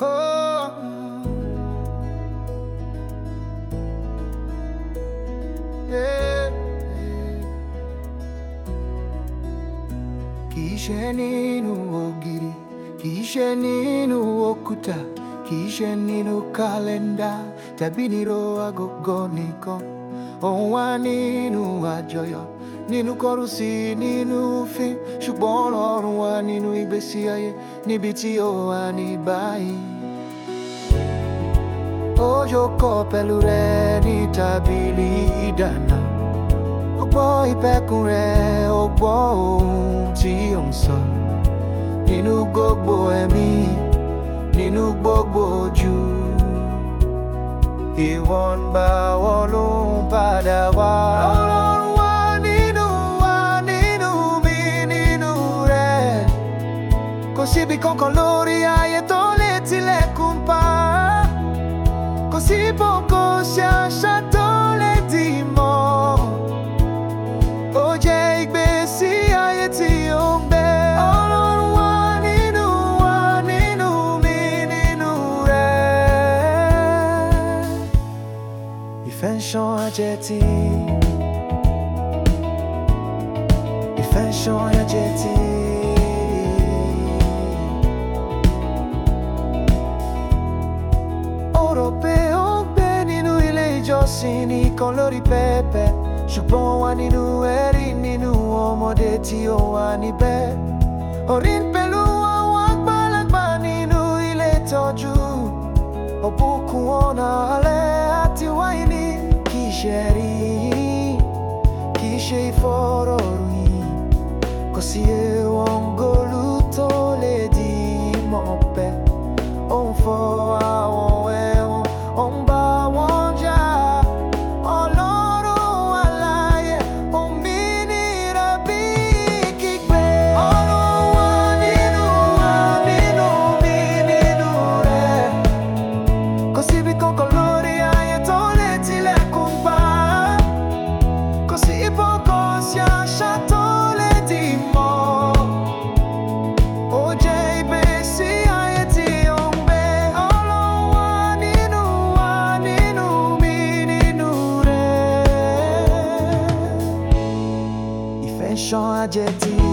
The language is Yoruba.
Oh, kisha nini uogiri, kisha nini uokuta ṣe nínú kalenda, tabiniro nírò agogo nìkan òun wà nínú àjọyọ̀ nínú kọ́rùsì nínú òfin ṣùgbọ́n ọlọ́run wà nínú ìgbésí ayé níbi tí ó wà ní báyìí. ó jókòó pẹ̀lú rẹ ni tabili idana, ó gbọ́ ìpẹ́kun rẹ ó gbọ́ ohun tí ó ń sọ nínú gbogbo ẹ̀mí nínú gbogbo ojú ìwọ̀nba wọn ló ń padà wá. ọlọ́run wà nínú wà nínú mi nínú rẹ̀ kò síbi kankan lórí ayé tó lè tilẹ̀kùn pa kò sí kò ṣe àṣà tó. dzieci I fashion ja dzieci Orope ogbe nínú pepe Ṣùgbọ́n wà nínú ẹ̀rí nínú omo tí ó wà níbẹ̀ Orin pẹ̀lú a balak bani nínú ilé ìtọ́jú Òbùkún ọ̀nà alẹ́ àti wáyé ní digerir que cheio for ruim, così eu majesty.